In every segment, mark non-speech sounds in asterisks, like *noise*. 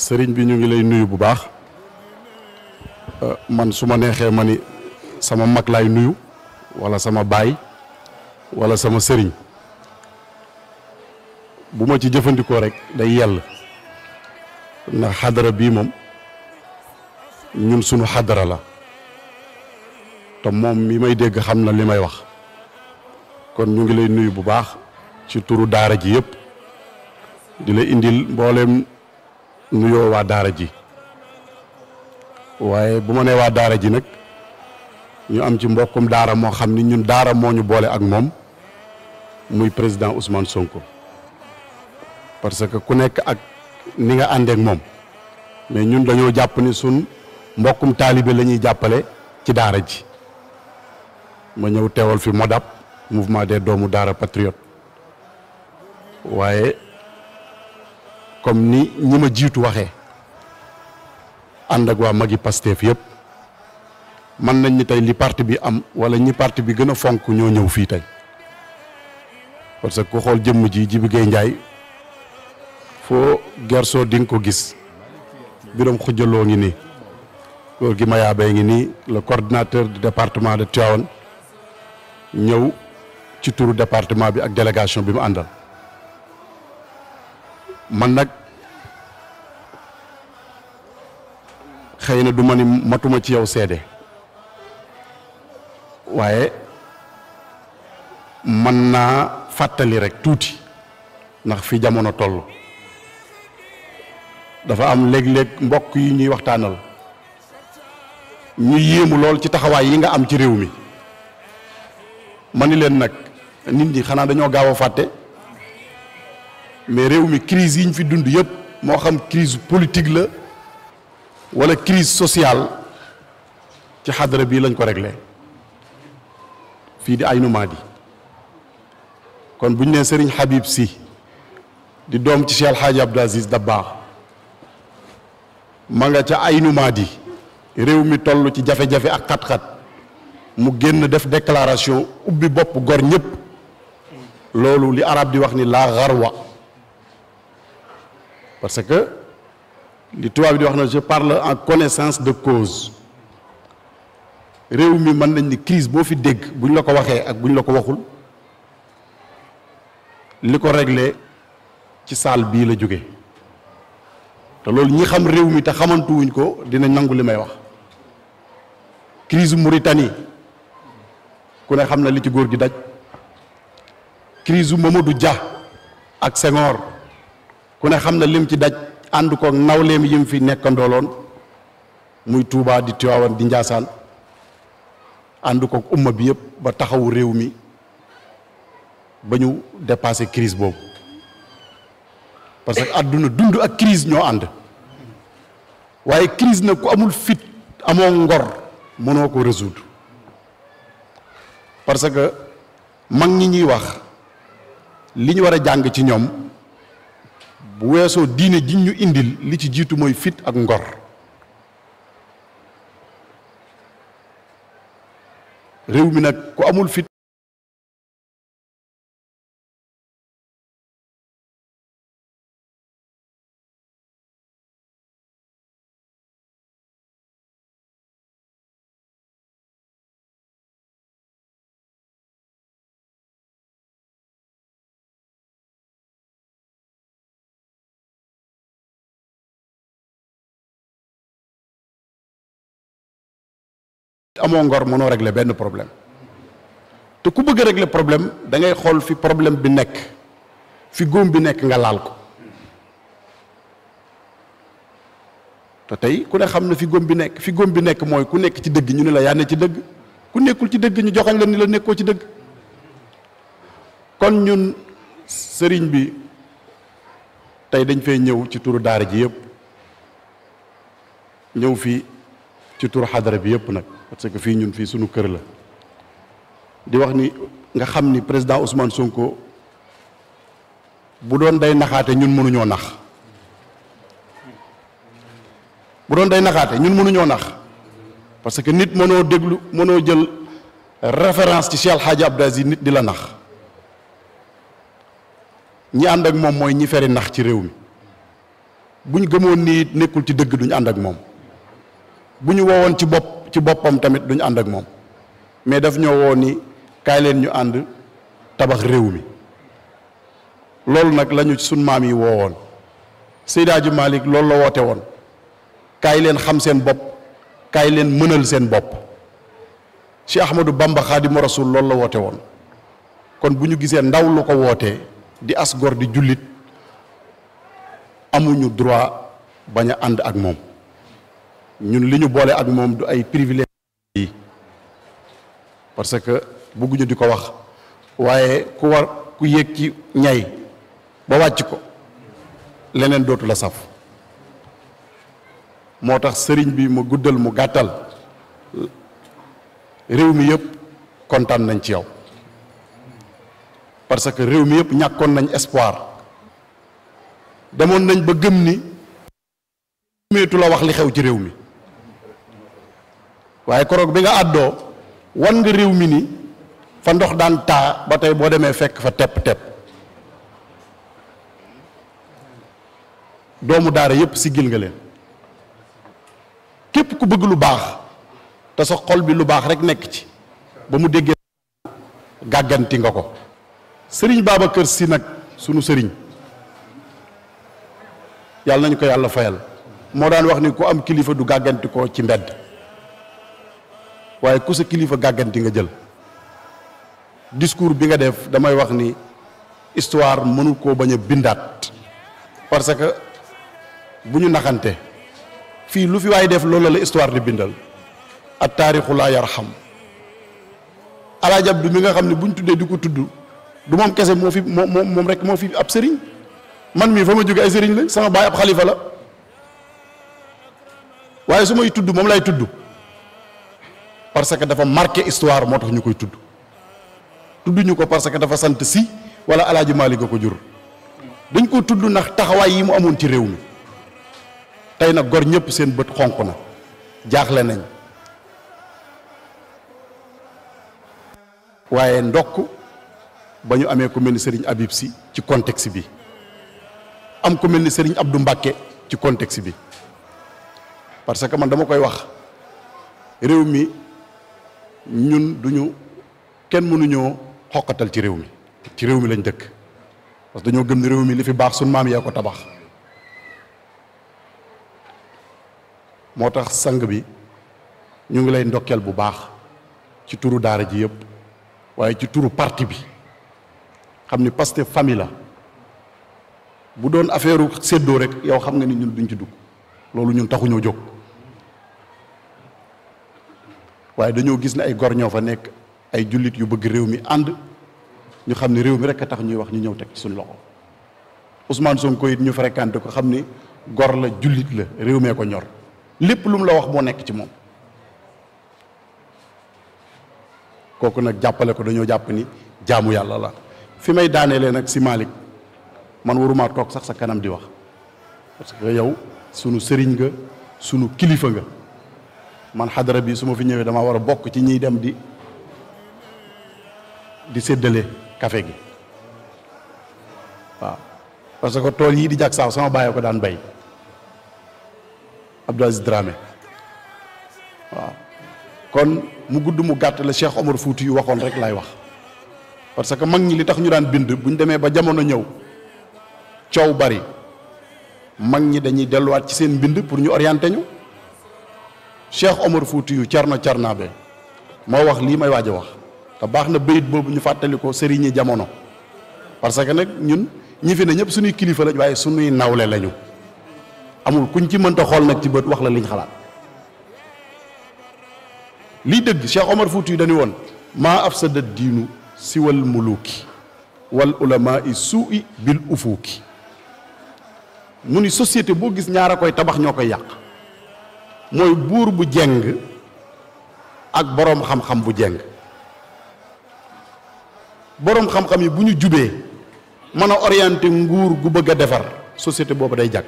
sëriñ bi ñu ngi lay nuyu bu baax euh, man su ma neexee ma ni sama mag laay nuyu walla sama baay wala sama sëriñ bu ma ci jëfandikoo rek day yell ndax xadara bii moom ñun sunu xadara la te moom mi may dégg xam na li may wax kon ñu ngi lay nuyu bu baax ci turu daara ji yépp di la indil mbooleem nuyoo waa daara ji waaye bu ma nee waa daara ji nag ñu am ci mbokkum daara moo xam ni ñun daara moo ñu boole ak moom muy président Ousmane Sonko parce que ku nekk ak ni nga àndeek moom mais ñun dañoo jàpp ni sun mbokkum taalibe la ñuy jàppale ci daara ji ma ñëw teewal fi MODAP mouvement des doomu daara patriote waaye comme ni ñi ma jiitu waxee ànd ak waa magi Pastef yëpp man nañ ni tey li parti bi am wala ñi parti bi gën a fonk ñoo ñëw fii tey parce que ku xool jëmm ji Jibi Gueye Ndiaye foo gersoo di ko gis biram xujaloo ngi nii góor gi Mayaabee ngi nii le coordinateur du département de Tivaouane ñëw ci turu département bi ak délégation bi mu àndal man nag xëy na du ma matuma ci yow seede waaye mën naa fàttali rek tuuti ndax fi jamono toll dafa am léeg-léeg mbokk yi ñuy waxtaanal ñuy yéemu lool ci taxawaay yi nga am ci réew mi ma ni leen nag nit ñi xanaa dañoo gaaw a fàtte mais réew mi crise yi ñu fi dund yëpp moo xam crise politique la wala crise sociale ci xadara bii lañ ko regle fii di Aynu Maadi kon bu ñu nee Serigne Habib Sy di doom ci Cheikh El Hadj Abdou Aziz Dabakh ma nga ca Aynu Maadi réew mi toll ci jafe-jafe ak xat-xat mu génn def déclaration ubbi bopp gor ñëpp loolu li arab di wax ni la xarwa parce que li tubaab bi di wax na je parle en connaissance de cause réew mi mën nañ ni crise boo fi dégg bu la ko waxee ak bu la ko waxul li ko régle ci saal bii la jóge te loolu ñi xam réew mi te xamantuwuñ ko dina nangu li may wax crise Mauritanie ku ne xam na li ci góor gi daj crise Mamadou ja ak Senghor ku ne xam na lim ci daj ànd ko nawleem yim fi nekkandooloon muy Touba di Tiwaawan di Njaasaan ànd ko umma bi yëpp ba taxawu réew mi ba ñu dépassé crise boobu parce que àdduna dund ak crise ñoo ànd waaye crise na ku amul fit amoo ngor mënoo ko résoudre parce que mag ñi ñuy wax li ñu war a jàng ci ñoom bu weesoo diine ji ñu indil li ci jiitu mooy fit ak ngor réew mi nag ku amul fit amoon ngor mënoo régler benn problème te ku bëgg a problème da ngay xool fi problème bi nekk fi góom bi nekk nga laal ko te tey ku ne xam na fi góom bi nekk fi góom bi nekk mooy ku nekk ci dëgg ñu ne la yaa ci dëgg ku nekkul ci dëgg ñu joxañ la ni la nekkoo ci dëgg kon ñun sëriñ bi tey dañ fay ñëw ci turu daara ji yépp ñëw fii ci turu xadara bi yëpp nag parce que fii ñun fii suñu kër la di wax ni nga xam ni président Ousmane Sonko bu doon day naxaate ñun mënuñoo nax bu doon day naxaate ñun mënuñoo nax parce que nit mënoo déglu mënoo jël référence ci Cheikh El Hadji nit di la nax ñi ànd ak moom mooy ñi feri nax ci réew mi buñ gëmoon nii nekkul ci dëgg duñu ànd ak moom bu ñu ci bopp ci boppam tamit duñu ànd ak moom mais daf ñoo woo ni kaay leen ñu ànd tabax réew mi loolu nag lañu suñ maam yi woowoon woon Seydi Hadji Malick loolu la woote woon kaay leen xam seen bopp kaay leen mënal seen bopp Cheikh Ahmadou Bamba Xaadimu Rasuul loolu la woote woon kon bu ñu gisee ndaw lu ko wootee di as gor di jullit amuñu droit bañ a ànd ak moom ñun li ñu boole ak moom du ay privilège yi parce que bëgguñu di ko wax waaye ku war ku yéeg ci ñay ba wàcc ko leneen dootu la saf moo tax sëriñ bi mu guddal mu gàttal réew mi yëpp kontaan nañ ci yow parce que réew mi yëpp ñàkkoon nañ espoir demoon nañ ba gëm ni méetu la wax li xew ci réew mi waaye koroog bi nga àddoo wan nga réew mi ni fa ndox daan taa ba tey boo demee fekk fa tepp-tepp doomu daara yépp siggil nga leen képp ku bëgg lu baax te sa xol bi lu baax rek nekk ci ba mu déggee gàgganti nga ko sëriñ kër Si nag sunu sëriñ yàlla nañu ko yàlla fayal moo daan wax ni ku am kilifa du gàggantikoo ci mbedd waaye ku sa kilifa gàgganti nga jël discours bi nga def damay wax ni histoire mënu koo bañ a bindaat parce que bu ñu naxante fii lu fi waay def loolu la histoire di bindal ak taarixu laa yarxam alaajab du mi nga xam ne bu ñu tuddee di ko tudd du moom kese moo fi moom moom rek moo fi ab sëriñ man mii fa ma jóge ay sëriñ la sama baay ab xalifa la waaye su may tudd moom lay tudd parce que dafa marqué histoire moo tax ñu koy tudd tudduñu ko parce que dafa sant si wala alaaji Maalik ko jur dañ ko tudd ndax taxawaay yi mu amoon ci réew mi tey nag gor ñëpp seen bët xonq na jaaxle nañ waaye ndokk ba ñu amee ku mel ni Serigne Habib Sy ci contexte bi am ku mel ni Serigne Abdou Mbacké ci contexte bi parce que man dama koy wax réew mi ñun duñu kenn mënuñoo xokkatal ci réew mi ci réew mi lañ dëkk parce que dañoo gëm ni réew mi li fi baax suñ maam yaa ko tabax moo tax sang bi ñu ngi lay ndokkeel bu baax ci turu daara ji yëpp waaye ci turu parti bi xam ni Pastef famille la bu doon affaire séddoo rek yow xam nga ni ñun duñ ci dugg loolu ñun taxuñoo jóg waaye dañoo gis ne ay gor ñoo fa nekk ay jullit yu bëgg réew mi ànd ñu xam ne réew mi rek a tax ñuy wax ñu ñëw teg ci suñu loxo Ousmane Sonko it ñu fréquenté ko xam ne gor la jullit la réew mee ko ñor lépp lu la wax moo nekk ci moom kooku nag jàppale ko dañoo jàpp ni jaamu yàlla la fi may daaneelee nag si Malick man waruma toog sax sa kanam di wax parce que yow sunu sëriñ nga sunu kilifa nga man xadara bi su ma fi ñëwee dama war a bokk ci ñiy dem di di séddale kafe gi waaw parce que tool yii di jàk saa sama bàyyee ko daan bay Abdou Aziz Dramé kon mu gudd mu gàtt la Cheikh Omar Fouti yu waxoon rek laay wax parce que mag ñi li tax ñu daan bind bu ñu demee ba jamono ñëw coow bari mag ñi dañuy delluwaat ci seen mbind pour ñu orienté ñu Cheikh Omar Foutiyou Cerno Cernaabe moo wax lii may waaj a wax te baax na bayit boobu ñu fàttali ko sëriñi jamono parce que nag ñun ñi fi ne ñëpp suñuy kilifa lañ waaye suñuy nawle lañu amul kuñ ci mënta xool nag ci bët wax la liñ xalaat lii dëgg Cheikh Omar Foutiyou dañuy woon maa afsada diinu siwal muluuki wal ulamaai suui bil ufuuki mu ni société boo gis ñaar a koy tabax ñoo koy yàq mooy buur bu jeng ak boroom xam-xam bu jeng boroom xam-xam yi bu ñu jubee mën a orienté nguur gu bëgg a defar société boobu day jag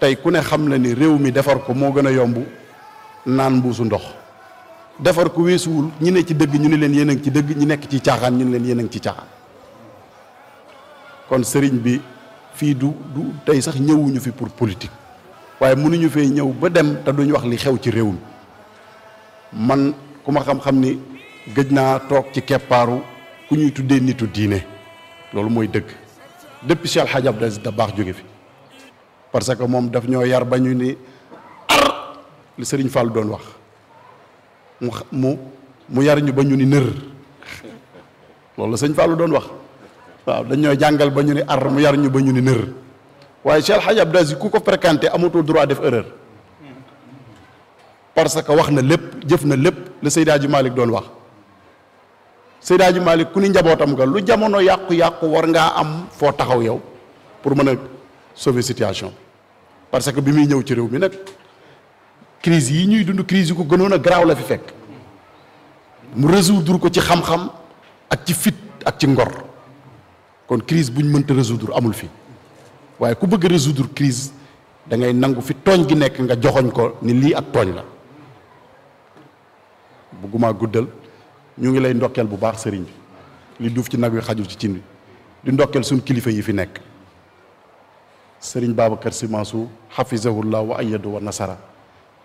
tey ku ne xam la ni réew mi defar ko moo gën a yomb naan mbuusu ndox defar ko weesuwul ñi ne ci dëgg ñu ni leen yéen a ci dëgg ñi nekk ci caaxaan ñu ne leen yéen ngi ci caaxaan kon sëriñ bi fii du du tey sax ñëwuñu fi pour politique waaye mënuñu fee ñëw ba dem te duñ wax li xew ci réew mi man ku ma xam-xam ni gëj naa toog ci keppaaru ku ñuy tuddee nitu diine loolu mooy dëgg depuis Cheikh Hadj Abdou Aziz Dabakh jóge fi parce que moom daf ñoo yar ba ñu ni ar li sëriñ Fall doon wax mu mu mu yar ba ñu ni nër loolu la sëñ Fallu doon wax waaw dañoo jàngal ba ñu ni ar mu yar ñu ba ñu ni nër waaye Cheikh Hadj Abdou Aziz ku ko fréquenté amatul droit def erreur parce que wax na lépp jëf na lépp la Seydi Hadji doon wax Seydi Hadji Malick ku ni njabootam nga lu jamono yàqu-yàqu war ngaa am foo taxaw yow pour mën a sauver situation parce que bi muy ñëw ci réew mi nag crise yi ñuy dund crise yi ko gënoon a garaaw la fi fekk mu dur ko ci xam-xam ak ci fit ak ci ngor kon crise bu ñu mënta résoudre amul fii waaye ku bëgg résoudre crise da ngay nangu fi tooñ gi nekk nga joxoñ ko ni lii ak tooñ la bëgguma guddal ñu ngi lay ndokkeel bu baax sëriñ bi li duuf ci nag wi xajul ci cin wi di ndokkeel suñ kilifa yi fi nekk sëriñ Babacar Sy Mansour hafizahullah wa ayyadu wa nasara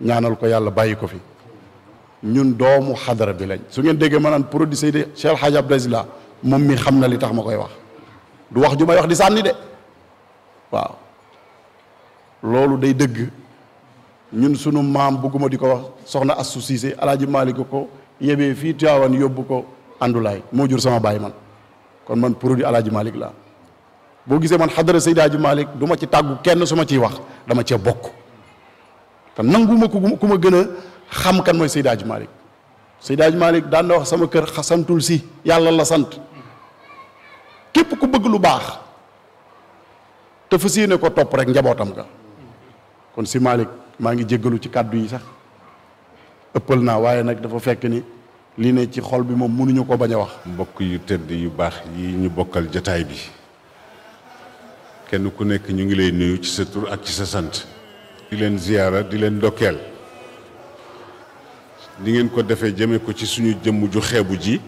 ñaanal ko yàlla bàyyi ko fi ñun doomu xadara bi lañ su ngeen déggee maanaam produit Seydi Cheikh Hadj Abdoulaye moom mi xam na li tax ma koy wax du wax ju may wax di sànni de waaw loolu day dëgg ñun sunu maam bëgguma di ko wax soxna Astou Cissé alaaji Malick ko yebee fii Tiwaawan yóbbu ko àndulaay moo jur sama baay man kon man produit alaaji malik laa boo gisee man xadara Seydi Alaaji Malick du ci tàggu kenn su ma ciy wax dama cee bokk te nanguma ku ma gën a xam kan mooy Seydi Alaaji Malick Seydi Alaaji Malik daan na wax sama kër santul si yàlla la sant képp ku bëgg lu baax te yéene ko topp rek njabootam nga kon si maa ngi jéggalu ci kàddu yi sax ëppal naa waaye nag dafa fekk ni lii ne ci xol bi moom mënuñu ko bañ a wax mbokk yu tëdd yu baax yi ñu bokkal jataay bi kenn ku nekk ñu ngi lay nuyu ci sa tur ak ci sa sant di leen ziyaara di leen ndokkeel di ngeen ko defee jëme ko ci suñu jëmm ju xeebu ji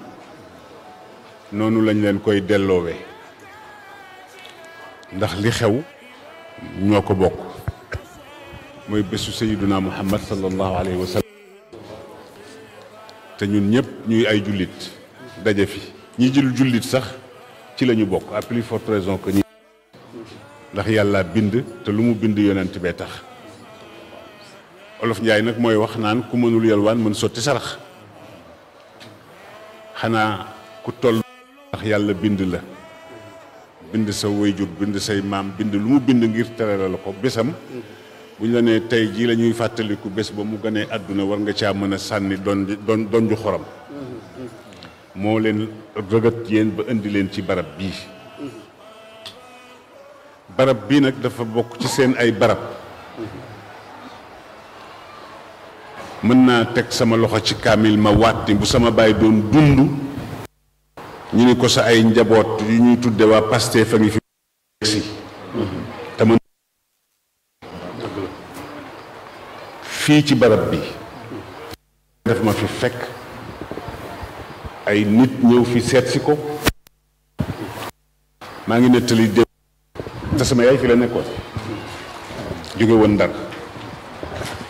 noonu lañ leen koy delloowee ndax li xew ñoo ko bokk mooy bésu sayyiduna muhammad sallallahu alayhi wa te ñun ñëpp ñuy ay jullit daje fi ñi jël jullit sax ci lañu bokk à forte raison que ñi ndax yàlla bind te lu mu bind yonent bee tax olof njaay nag mooy wax naan ku mënul yalwaan mën sotti sarax xanaa ku toll ndax yàlla bind la bind sa wayjur bind say maam bind lu mu bind ngir terale la ko bésam bu ñu la nee tey jii lañuy fàttaliku bés ba mu gënee àdduna war nga caa mën sànni doon doon doon ju xorom moo leen rëgët yéen ba indi leen ci barab bii barab bii nag dafa bokk ci seen ay barab mën naa teg sama loxo ci kaamil ma waat bu sama baay doon dund ñu ni ko sa ay njaboot yu ñuy tudde waa Pastef a ngi fi si te fii ci barab bi def ma fi fekk ay nit ñëw fi seet si ko maa ngi nettali dé te sama yaay fi la nekkoon jóge woon ndar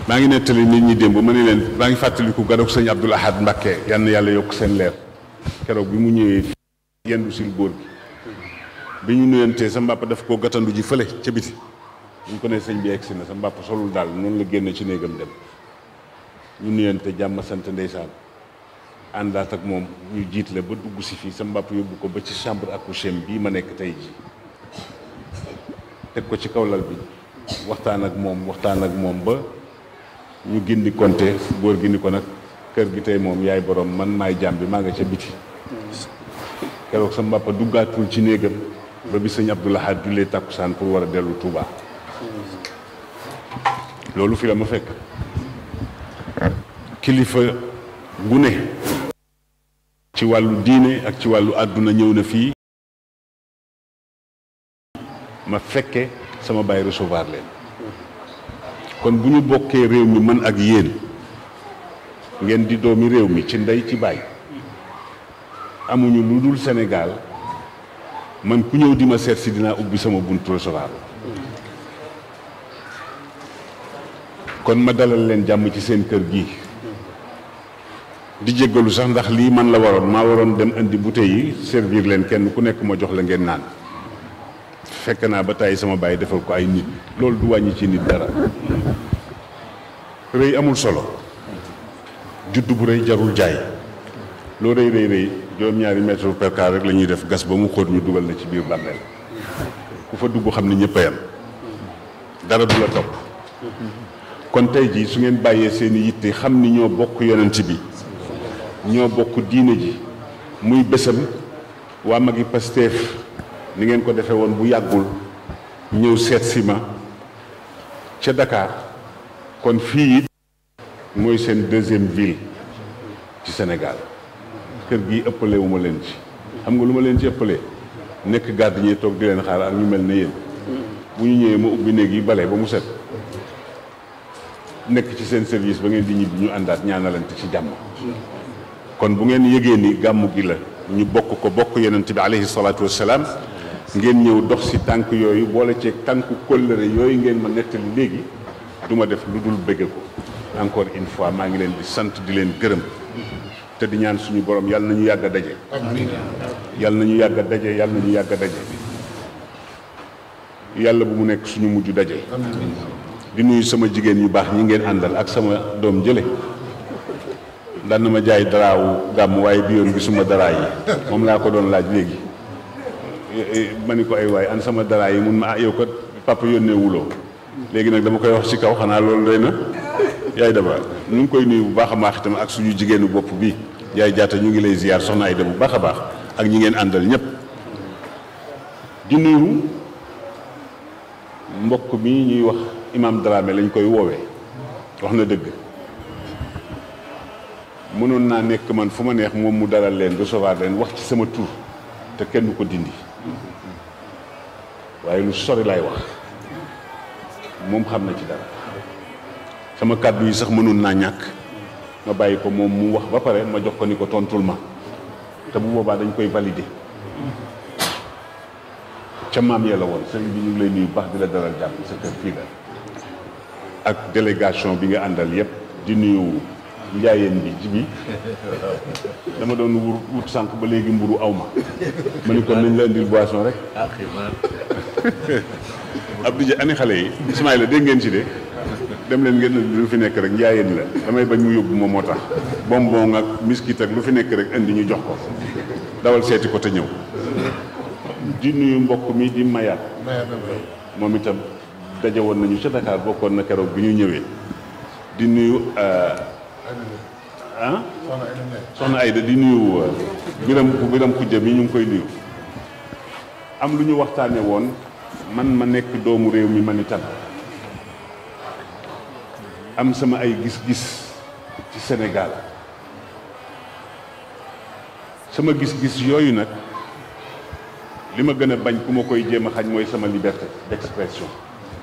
maa ngi nettali nit ñi démb ma ne leen maa ngi fàttaliku gadog sëñ Abdul Ahad Mbakke yal yàlla yokk seen leer keroog bi mu ñëwee yendu sil góor bi bi ñu nuyantee sa mbàpp daf ko gàttandu ji fële ca biti ko ne sëñ bi egsi na sa mbàpp solul daal noonu la génn ci néegam dem ñu nuyante jàmm sant ndeysaan àndaat ak moom ñu jiitle ba dugg si fii sa mbàpp yóbbu ko ba ci chambre ak coucher bii ma nekk tey ji teg ko ci kaw lal bi waxtaan ak moom waxtaan ak moom ba ñu gindi konte góor gi ni ko nag kër gi tey moom yaay boroom man maay jàmm bi maa nga ca biti keroog sama papa duggaatul ci néegam ba bi sëñ Abdou Lahad jullee tàkkusaan pour war dellu Touba loolu fi la ma fekk kilifa gu ci wàllu diine ak ci wàllu àdduna ñëw na fii ma fekke sama baay recevoir leen kon bu ñu bokkee réew mi man ak yéen ngeen di doomi réew mi ci ndey ci baay amuñu lu dul Sénégal man ku ñëw di ma seet si dinaa ubbi sama buntu recevoir kon ma dalal leen jàmm ci seen kër gi di jéggalu sax ndax lii man la waroon maa waroon dem indi bouteille yi servir leen kenn ku nekk ma jox la ngeen naan fekk naa ba tàyyi sama baay defal ko ay nit loolu du wàññi ci nit dara rëy amul solo judd bu rëy jarul jaay loo rëy rëy rëy juróom-ñaari mètre per rek la ñuy def gas ba mu xóot ñu dugal na ci biir bàmmeel ku fa dugg xam ne ñëpp a yem dara du la topp kon tey jii su ngeen bàyyee seen i yitte xam ni ñoo bokk yonent bi ñoo bokk diine ji muy bésam waa magi Pastef ni ngeen ko defee woon bu yàggul ñëw seet si ma ca Dakar kon fii it mooy seen deuxième ville ci Sénégal kër gi ëppalewuma leen ci xam nga lu ma leen ci ëppale nekk gardien toog di leen xaar ak ñu mel ne yéen bu ñu ñëwee ma ubbi néeg yi bale ba mu set nekk ci seen service ba ngeen di ñibbi ñu àndaat ñaanalante ci jàmm kon bu ngeen yëgee ni gàmmu gi la ñu bokk ko bokk yonent bi aleyhi salaatu wassalaam ngeen ñëw dox si tànk yooyu boole ceeg tànku kóllëre yooyu ngeen ma nettali léegi duma def lu dul bëgg ko encore une fois maa ngi leen di sant di leen gërëm te di ñaan suñu borom yàlla na ñu yàgg a daje yàlla na ñu yàgg daje yàlla na ñu yàgg a daje yàlla bu mu nekk suñu mujj daje di nuyu sama jigéen yu baax ñi ngeen àndal ak sama doom jële daan na ma jaay daraawu gàmm waaye bi yoon gisuma daraa yi moom laa ko doon laaj léegi ma ni ko ay waay an sama daraa yi mun ma ah yow ko papa yónnee wuloo léegi nag dama koy wax ci kaw xanaa loolu doy na yaay daba nu ngi koy nuyu bu baax a baax itam ak suñu jigéenu bopp bi yaay jaata ñu ngi lay ziyaar soxna Ayda bu baax a baax ak ñi ngeen àndal ñëpp di nuyu mbokk mi ñuy wax imam Dramé lañ koy woowe wax na dëgg mënoon naa nekk man fu ma neex moom mu dalal leen recevoir leen wax ci sama tur te kenn du ko dindi waaye lu sori laay wax moom xam na ci dara sama kàddu yi sax mënoon naa ñàkk ma bàyyi ko moom mu wax ba pare ma jox ko ni ko tontul ma te bu boobaa dañ koy valider ca maam ya la woon sëriñ bi ñu ngi lay nuyu baax di la dalal jàmm sa kër fii la ak délégation bi nga àndal yépp di nuyu njaayeen bi ji dama doon wur wut sànq ba léegi mburu aw ma ma ni kon nañ la indil boisson rek ah, *laughs* Abdou Dia ani xale yi Ismaïla dégg ngeen ci de dem leen ngeen lu fi nekk rek njaayeen la damay bañ mu yóbbu moom moo tax bonbon ak miskit ak lu fi nekk rek indi ñu jox ko dawal seeti ko te ñëw di nuyu mbokk mi di mayaat moom itam daje woon nañu ca Dakar bokkoon na keroog bi ñu ñëwee di nuyu ah soxna Ayda di nuyu biram biram kujja mi ñu ngi koy nuyu am lu ñu waxtaane woon man ma nekk doomu réew mi man itam am sama ay gis-gis ci senegaal sama gis-gis yooyu nag li ma gën a bañ ku ma koy jéem a xañ mooy sama liberté d'expression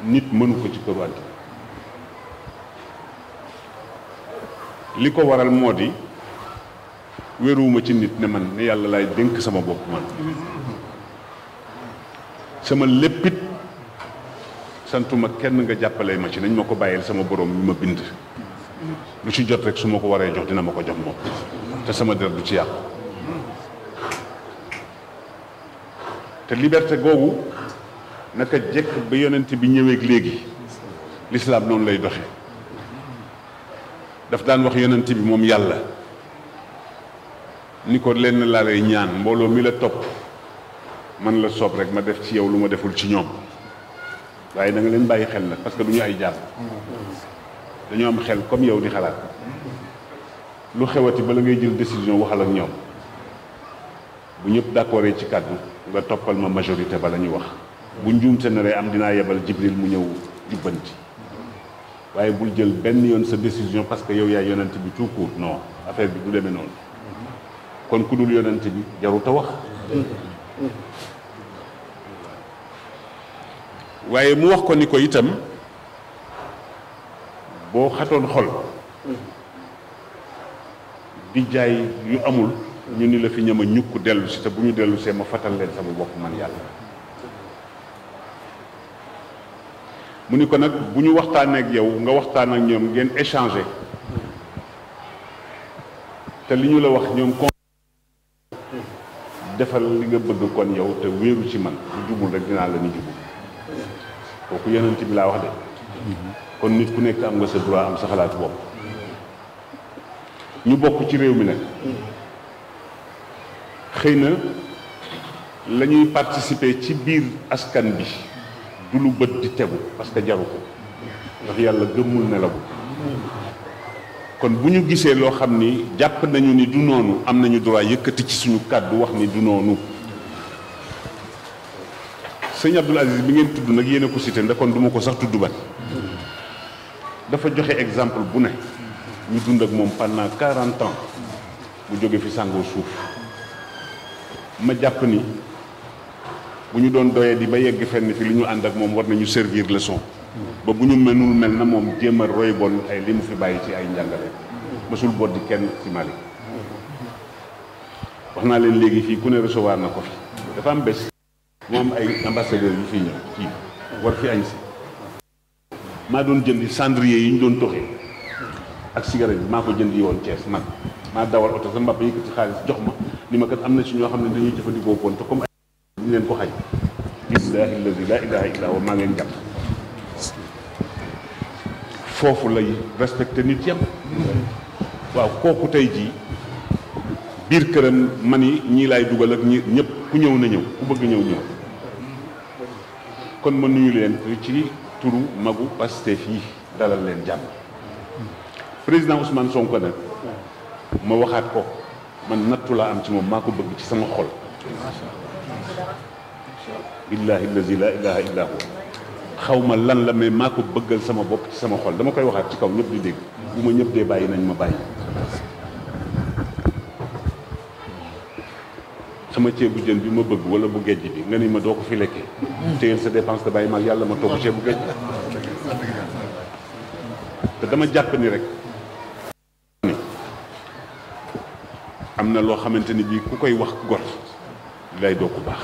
nit mënu ko ci kër wante li ko waral moo di wéruwuma ci nit ne man ne yàlla laay dénk sama bopp man sama léppit santuma kenn nga jàppale ma ci nañ ma ko bàyyil sama borom mi ma bind lu ci jot rek su ma ko waree jox dina ma ko jox moom te sama der du ci yàqu te liberté googu naka jekk ba yonent bi ñëweek léegi lislaam noonu lay doxe daf daan wax yonent bi moom yàlla ni ko lenn laa lay ñaan mbooloo mi la topp man la soob rek ma def ci yow lu ma deful ci ñoom waaye da nga leen bàyyi xel nag parce que du ñu ay jàmm dañoo am xel comme yow di xalaat lu xewati bala ngay jël décision waxal ak ñoom bu ñëpp d'accord ci kàddu nga toppal ma majorité ba la ñu wax bu njuum sa naree am dinaa yebal jibril mu ñëw jubbanti waaye bul jël benn yoon sa décision parce que yow yaay yonent bi tout court non affaire bi du demee noonu kon ku dul yonent bi jaruta wax waaye mu wax ko ni ko itam boo xatoon xol di jaay yu amul ñu ni la fi ñama ñukk dellu si te bu ñu dellusee ma fatal leen sama bopp man yàlla mu ni ko nag bu ñu waxtaanee ak yow nga waxtaan ak ñoom ngeen échanger te li ñu la wax ñoom kon defal li nga bëgg kon yow te wéeru ci man bu jubul rek dinaa la ni jubul kooku ti bi laa wax de kon nit ku nekk am nga sa droit am sa xalaatu bopp ñu bokk ci réew mi nag xëy na la ñuy participer ci biir askan bi du lu bët di tegu parce que jaru ko ndax yàlla gëmmul nelawu kon bu ñu gisee loo xam ni jàpp nañu ni du noonu am nañu droit yëkkati ci suñu kàddu wax ni du noonu sëñ Abdoul Aziz bi ngeen tudd nag yéen a ko cité kon du ma ko sax tudd ban dafa joxe exemple bu ne ñu dund ak moom pendant quarante ans mu jóge fi sàngoo suuf ma jàpp ni bu ñu doon doyee di ba yegg fenn fi lu ñu ànd ak moom war nañu servir leçon ba bu ñu mënul mel na moom jéem a roy ay li mu fi bàyyi ci ay njàngale mësul boot di kenn ci Mali wax naa leen léegi fii ku ne recevoir na ko fi dafa am bés day am ay ambassadeurs yu fi ñëw ci war fi añ si maa doon jënd cendrier yi ñu doon toxee ak cigarette bi maa ko jëndi woon Thiès man maa dawal oto sa mbàpp yëkkati xaalis jox ma li ma kat am na ci ñoo xam ne dañuy jëfandikoo pon te comme ay ñu leen ko xaj billaahi alladi laa ilaaha maa ngeen jàpp foofu lay respecté nit yam waaw kooku tey jii biir këram man yi ñii laay dugal ak ñi ñëpp ku ñëw na ñëw ku bëgg ñëw ñëw kon ma nuyu leen ci turu magu Pastef yi dalal leen jàmm président Ousmane Sonko nag ma waxaat ko man nattu laa am ci moom maa ko bëgg ci sama xol billahi allazi la ilaha illa huwa xaw ma lan la mais maa ko bëggal sama bopp ci sama xol dama koy waxaat ci kaw ñëpp di dégg bu ma ñëpp dee bàyyi nañ ma bàyyi sama ceebu jën bi ma bëgg wala bu géej bi nga ni ma doo ko fi lekkee téyel sa dépense te bàyyi maag yàlla ma togg ceebu géej te dama jàpp ni rek ni am na loo xamante ni bii ku koy wax gor lay doo ko baax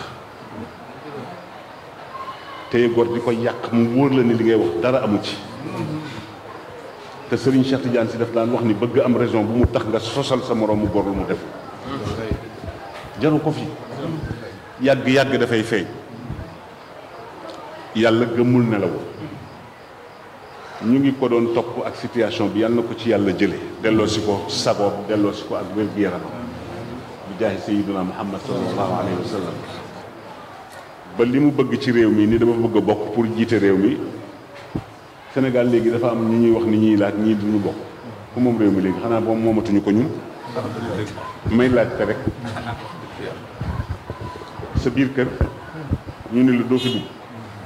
tey gor di ko yàq mu wóor la ni li ngay wax dara amu ci te Serigne Cheikh Tidiane si daf daan wax ni bëgg am raison bu mu tax nga sosal sa moroom mu gor lu mu def jaru ko fi yàgg-yàgg dafay feeñ yàlla gëmmul nelaw ñu ngi ko doon topp ak situation bi yàlla na ko ci yàlla jële delloo si ko sagoom delloo si ko ak wér-gu-yaramam bi jaahi sayyiduna muhammad sallallahu alayhi wa sallam ba li mu bëgg ci réew mi ni dama bëgg a bokk pour jiite réew mi senegal léegi dafa am ñu ñuy wax ni ñuy laaj ñii duñu bokk ku moom réew mi léegi xanaa boobu moomatuñu ko ñun may laaj te sa biir kër ñu ne la doo fi dugg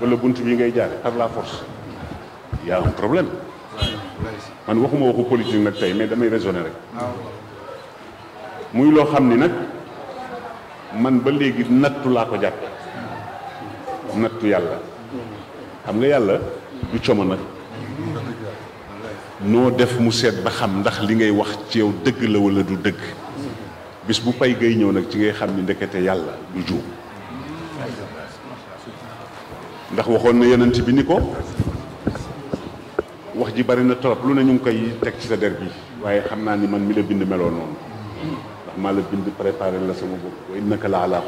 wala bunt bi ngay jaar par la force y a un problème man waxuma waxu politique nag tey mais damay raisonner rek muy loo xam ni nag man ba léegi nattu laa ko jàppe nattu yàlla xam nga yàlla du coomo nag noo def mu seet ba xam ndax li ngay wax ci yow dëgg la walla du dëgg bis bu pay gay ñëw nag ci ngay xam ni ndekete yàlla du juum ndax waxoon na yonent bi ni ko wax ji bari na trop lu ne ñu ngi koy teg ci sa der waaye xam naa ni man mi la bind meloo noonu ndax maa la bind préparé la sama bopp wa innaka la ala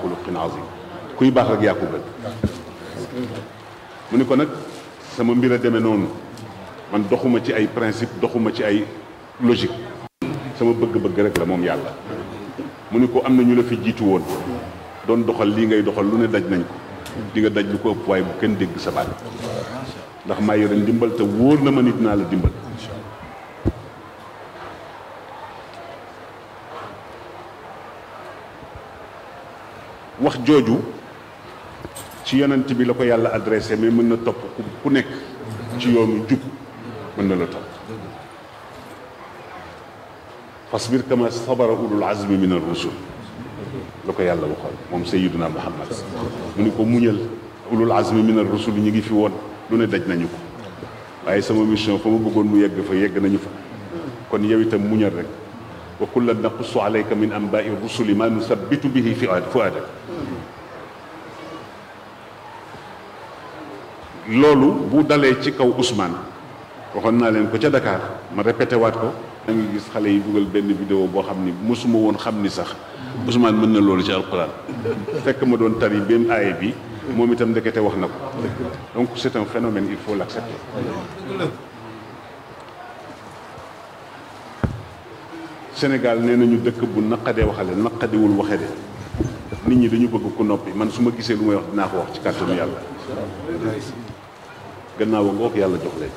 kuy baax rek yaa ko gën mu ne ko nag sama mbir a demee noonu man doxuma ci ay principe doxuma ci ay logique sama bëgg-bëgg rek la moom yàlla mu ne ko am na ñu la fi jiitu woon doon doxal lii ngay doxal lu ne daj nañ ko di daj lu ko ëpp waaye bu kenn dégg sa baat ndax maa yore ndimbal te wóor na ma ni dinaa la dimbal wax jooju ci yonent bi la ko yàlla adressé mais mën na topp ku nekk ci yoonu jub mën na la topp fasbir kama sabara ulul azmi min ar-rusul la ko yàlla waxoon moom sayyiduna muhammad mu ni ko muñal ulul azmi min ar-rusul ñu ngi fi woon lu ne daj nañu ko waaye sama mission fa ma bëggoon mu yegg fa yegg nañu fa kon yow itam muñal rek wa kullan naqussu alayka min anba'i rusuli ma nusabbitu bihi fu'adak loolu bu dalee ci kaw Ousmane waxoon naa leen ko ca dakaar ma répété waat ko da nga gis xale yi dugal benn vidéo boo xam ni mësuma woon xam ni sax Ousmane mën na loolu ci alquran fekk ma doon tari benn aaye bi moom itam ndekete wax na ko donc c'est un phénomène il faut la Sénégal nee nañu dëkk bu naqadee waxale naqadewul waxe de nit ñi dañu bëgg ku noppi man su ma gisee lu may wax dinaa ko wax ci kàttanu yàlla gannaaw ak yàlla jox leen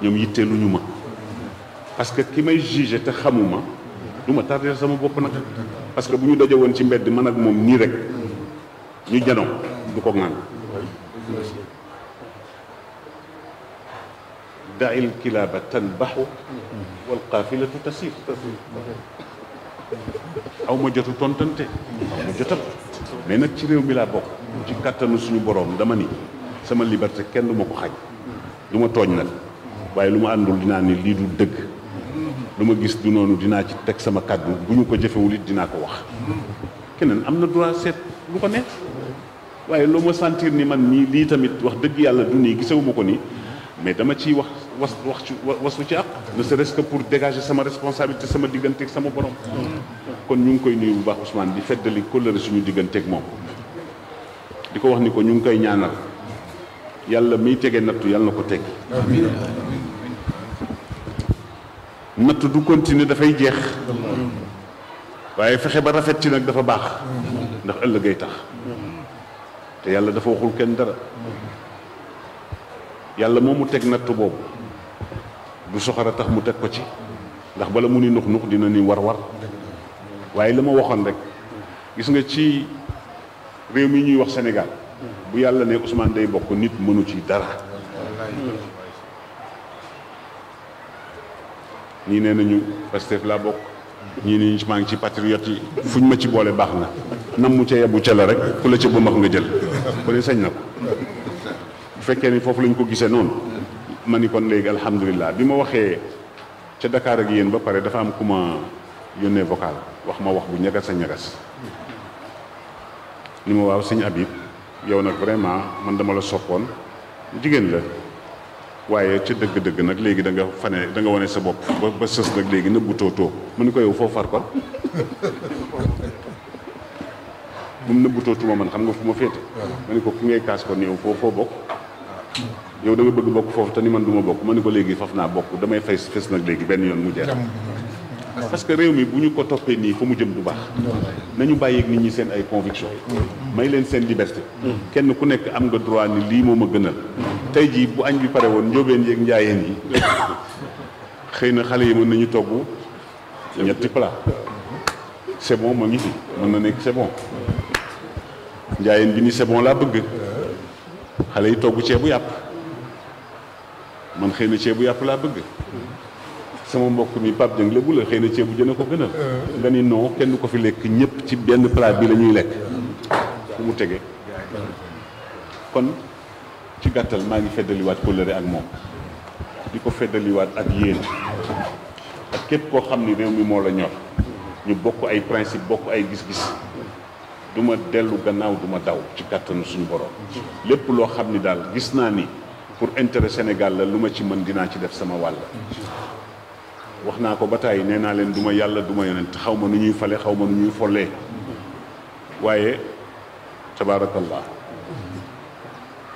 ñoom ñu ma parce que ki may jugé te xamuma du ma tardé sama bopp nag parce que bu ñu daje woon ci mbedd man ak moom nii rek ñu janoo du ko ŋaan dail kilaaba tanbaxu wal qaafilatu tasir aw ma jotu tontante aw ma mais nag ci réew mi laa bokk ci kàttanu suñu boroom dama ni sama liberté kenn du ma ko xaj du ma tooñ nag waaye lu ma àndul dinaa ni lii du dëgg lu ma gis du noonu dinaa ci teg sama kàddu bu ñu ko jëfewul it dinaa ko wax keneen am na droit seet lu ko neex waaye loo ma sentir ni man mii lii tamit wax dëgg yàlla du nii gisewuma ko nii mais dama ciy wax was wax ci wasu ci ak ne serait-ce pour dégager sama responsabilité sama digganteeg sama borom kon ñu ngi koy nuyu bu baax Ousmane di feddali kóllëre suñu digganteeg moom di ko wax ni ko ñu ngi koy ñaanal yàlla miy tege nattu yàlla na ko teggi natt du continuer dafay jeex waaye fexe ba rafet ci nag dafa baax ndax ëllëgay tax te yàlla dafa waxul kenn dara yàlla moo mu teg natt boobu du soxara tax mu teg ko ci ndax bala mu ni nux nux dina ni war war waaye la ma waxoon rek gis nga ci réew mi ñuy wax Sénégal bu yàlla ne Ousmane day bokk nit mënu ci dara ñii nee nañu Pastef laa bokk ñii nii maa ngi ci patriote yi fuñ ma ci boole baax na nam mu ca yebu ca la rek ku la ca ba max nga jël ba ne sañ na ko bu fekkee ni foofu lañ ko gisee noonu ma ni kon léegi alhamdulilah bi ma waxee ca Dakar yéen ba pare dafa am ku ma yónnee vocal wax ma wax bu ñagas a ñagas nu ma waaw sëñ Habib yow nag vraiment man dama la soppoon jigéen la waaye ci dëgg-dëgg nag léegi danga nga fane da wane sa bopp ba ba sës nag léegi nëbbu tootoo mu ni ko yow foo far kon bu *laughs* mu nëbbu tootuma man xam nga fu ma féete ma ni ko ki ngay kaas kon yow foo foo bokk yow da nga bëgg bokk foofu te ni man duma bokk ma ni ko léegi faf naa bokk damay fay fës nag léegi benn yoon mu jeex parce que réew mi bu ñu ko toppee nii fa mu jëm du baax nañu bàyyi nit ñi seen ay conviction may leen seen liberté kenn ku nekk am nga droit ni lii moom a gënal tey jii bu añ bi pare woon njóobeen yéeg njaayeen yi xëy na xale yi mën nañu togg ñetti plat sebon bon ma ngi fi mën na nekk c'est bon njaayeen bi ni sebon laa bëgg xale yi togg ceebu yàpp man xëy na ceebu yàpp laa bëgg sama mbokk mi Pape Dieng lébu la xëy na ceebu jën a ko gënal. dañuy non kenn ko fi lekk ñëpp ci benn plat bi la ñuy lekk fu mu tege kon ci gàttal maa ngi feddaliwaat kóllëre ak moom di ko feddaliwaat ak yéen ak képp koo xam ni réew mi moo la ñor ñu bokk ay principe bokk ay gis-gis duma dellu gannaaw du ma daw ci gàttanu suñu borom lépp loo xam ni daal gis naa ni pour intérêt Sénégal la lu ma ci mën dinaa ci def sama wàll wax naa ko ba tàyyi nee naa leen du ma yàlla duma ma yonent xaw ma nu ñuy fale xaw ma nu ñuy follee waaye tabaarakallah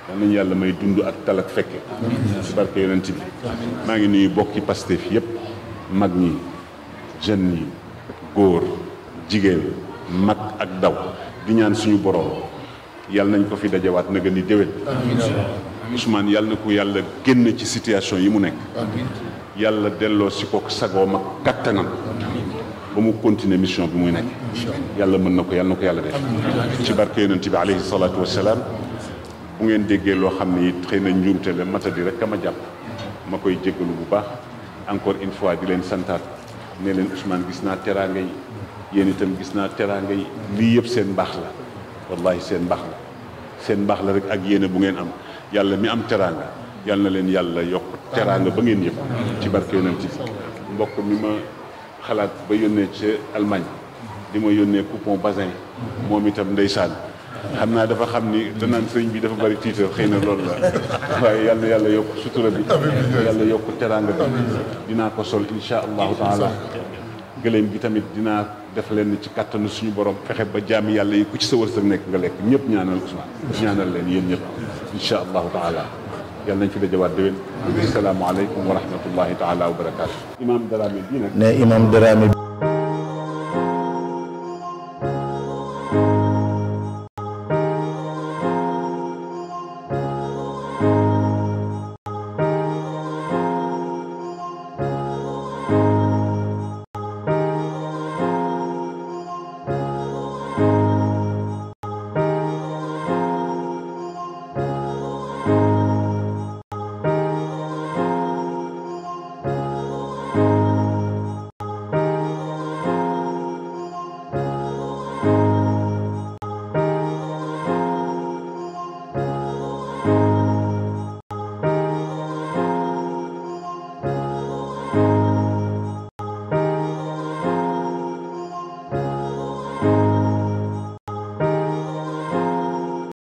yal yàlla may dund ak tal ak fekke ci barke yonent bi maa ngi nuyu bokki Pastef yépp mag ñi jeunes yi góor jigéen mag ak daw di ñaan suñu borom yàlla nañ ko fi dajawaat na gën di déwén Ousmane yàlla na ko yàlla génn ci situation yi mu nekk yàlla delloo si ko sagoo ma kattanam ba mu continuer mission bi muy nekk yàlla mën na ko yàlla na ko yàlla def ci barke yonent bi alayhi salaatu wasalaam bu ngeen déggee loo xam ne it xëy na njuumte la matadi rek ma jàpp ma koy jéggalu bu baax encore une fois di leen santaat ne leen gis naa teraanga yi yéen itam gis naa teraanga yi lii yëpp seen mbaax la wallahi seen mbaax la seen mbaax la rek ak yéene bu ngeen am yàlla mi am teraanga yàlla na leen yàlla yokk nga ba ngeen yëpp ci barke yonent bi mbokk mi ma xalaat ba yónnee ci almaañ di ma yónnee coupon basin moom itam ndeysaan xam naa dafa xam ni danaan sëñ bi dafa bari tiitar xëy na lool la waaye yàlla yàlla yokk sutura bi yàlla yokk teraanga bi dinaa ko sol insha allahu taala gëléem gi tamit dinaa def leen ci kàttanu suñu borom fexe ba jaami yàlla yi ku ci sa wërsëg nekk nga lekk ñëpp ñaanal Ousmane ñaanal leen yéen ñëpp yàlla nañ ci dajawaat déwén. asalaamaaleykum wa rahmatullahi taala wa barakaatu. imaam Dramé bii nag. ne imaam Dramé.